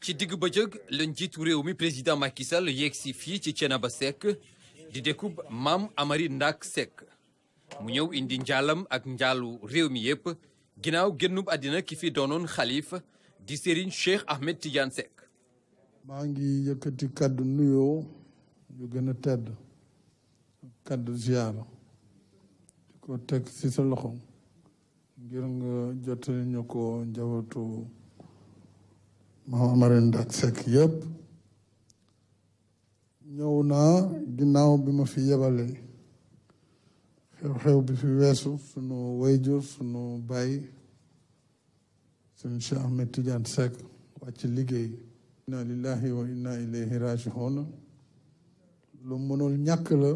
ci digg bëccëg la njiitu réew mi président Macky Sall yegsi fii ci Thiénaba Seck di dékub Mame Amary Ndack Seck mu ñëw indi njaalam ak njaalu réew mi yépp ginnaaw génnub àddina ki fi doonoon xalif di Serigne Cheikh Ahmed Tidiane Seck maa ngi yëkkati kàddu nuyoo yu gën a tedd kàddu ziyaara di ko teg ci sa loxo ngir nga jotali ñu ko njabootu maam Amaryne Ndak Seck yëpp ñëw naa ginnaaw bi ma fi yebale xew-xew bi fi weesu sunu wayjur sunu baay sunu Cheikh Ahmed Tidiane Seck wàcc liggéey inna lillahi wa inna ilayhi raji'un lu mënul ñàkk la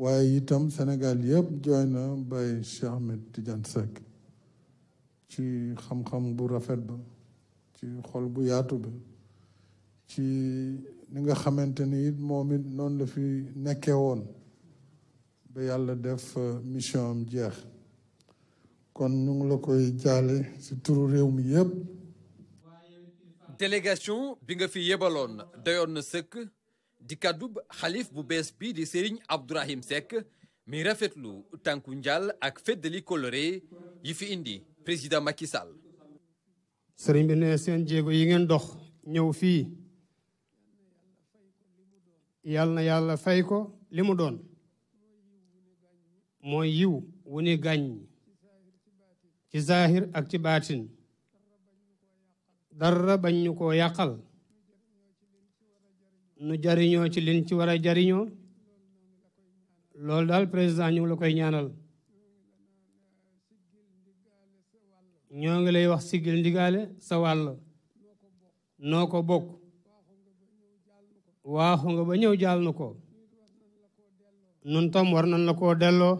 waaye itam Sénégal yëpp jooy na baay Cheikh Ahmed Tidiane Seck ci xam-xam bu rafet ba ci xol bu yaatu bi ci ni nga xamante ni it moom it noonu la fi nekkee woon ba yàlla def euh, mission am jeex kon ñu ngi la koy jaale ci turu réew mi yépp délégation bi nga fi yebaloon doyoon na sëkk di kàddu xalif bu bees bi di Serigne Abdourahim Seck mi rafetlu tànku njaal ak feddali coloré yi fi indi président Macky sëriñ bi ne seen jéego yi ngeen dox ñëw fii yal na yàlla fay ko li mu doon mooy yiw wu ni gàññ ci zaahir ak ci baatin dara bañ ñu ko yàqal nu jariñoo ci liñ ci war a jariñoo loolu daal président ñu la koy ñaanal ñoo ngi lay wax sigil ndigaale sa wàll noo ko bokk waaxu nga ba ñëw jaal nu ko nun tam war na la koo delloo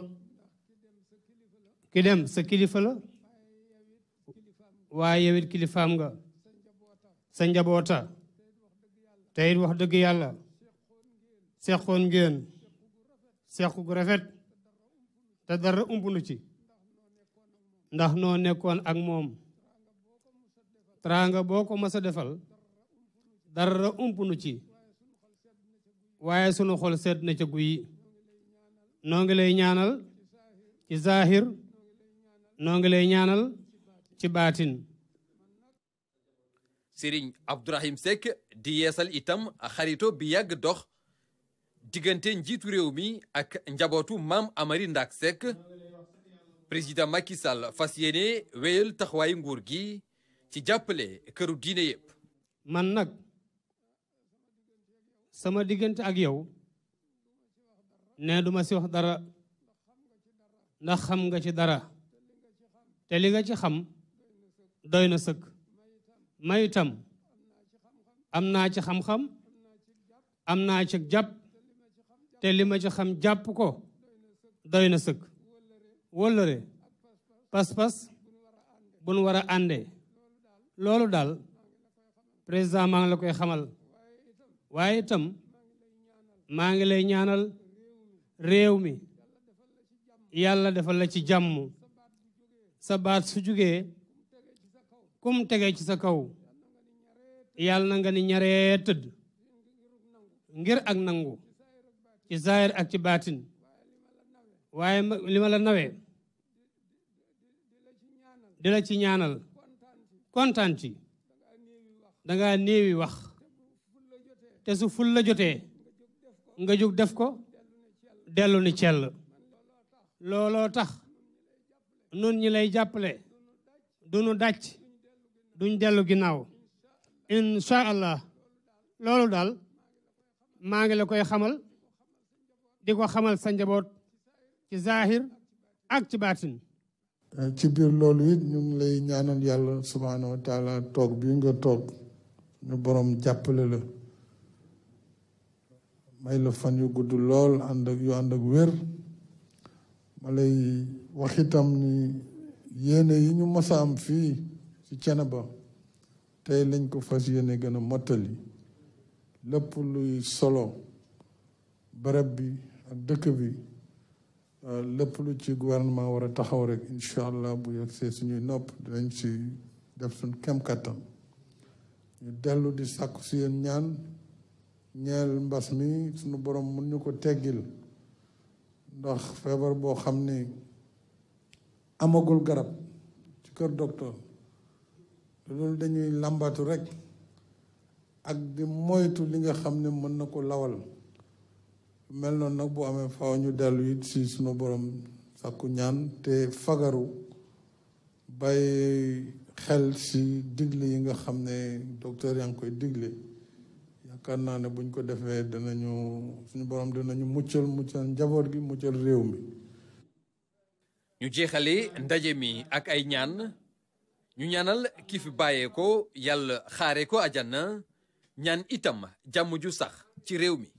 ki dem sa kilifa la waaye yewit kilifaam nga sa njaboota tey wax dëgg yàlla seqoon ngeen sequ gu rafet te dara umpunu ci ndax noo nekkoon ak moom teraanga boo ko mës a defal dara ump nu ci waaye sunu xol sedd na ca guy noo ngi lay ñaanal ci zahir noo ngi lay ñaanal ci baatin Sëriñ Abdourahim sekk di yeesal itam xarito bi yàgg dox diggante njiitu réew mi ak njabootu maam Amari Ndaak Seck président Macky Sall fas yéene wéyal taxawaayu nguur gi ci jàppale këru diine yëpp. man nag sama diggante ak yow ne duma si wax dara ndax xam nga ci dara te li nga ci xam doy na sëkk may itam am naa ci xam-xam am naa ci jàpp te li ma ci xam jàpp ko doy na sëkk wóllëre pas-pas bu nu war a àndee loolu daal président maa ngi la koy xamal waaye itam maa ngi lay ñaanal réew mi yàlla defal la ci jàmm sa baat su jugee kum tege ci sa kaw yàlla na nga ni ñaree tëdd ngir ak nangu ci zaahir ak ci baatin waaye li ma nawee di la ci ñaanal kontaan ci danga néewi wax te su ful la jotee nga jóg def ko dellu ni cell looloo tax nun ñi lay jàppale duñu dàcc duñ dellu ginnaaw insha allah loolu daal maa ngi la koy xamal di ko xamal sa njaboot ci zahir ak ci baatin eh, ci biir loolu it ñu ngi lay ñaanal yàlla subhaanahu wa toog bi nga toog ñu boroom jàppale la may la fan yu gudd lool ànd ak yu ànd ak wér ma lay wax itam ni yéene yi ñu mës a am fii ci Thiénaba tey lañ ko fas yéene gën a mottali lëpp luy solo barab bi ak dëkk bi lépp lu ci gouvernement war a taxaw rek incha allah bu yegsee suñuy nopp dinañ ci def suñ kem kattan ñu dellu di sàkku si yéen ñaan ñeel mbas mi suñu borom mun ñu ko teggil ndax feebar boo xam ni amagul garab ci kër docteur loolu dañuy làmbatu rek ak di moytu li nga xam ne mën na ko lawal mel noonu nag boo amee faw ñu dellu it si sunu borom sàkku ñaan te fagaru bàyyi xel si digle yi nga xam ne docteur yaa ngi koy digle yaakaar naa ne buñ ko defee danañu suñu borom danañu muccal muccal njaboot gi muccal réew mi ñu jeexale ndaje mi ak ay ñaan ñu ñaanal ki fi bàyyee ko yàlla xaare ko ajana ñaan itam jàmm ju sax ci réew mi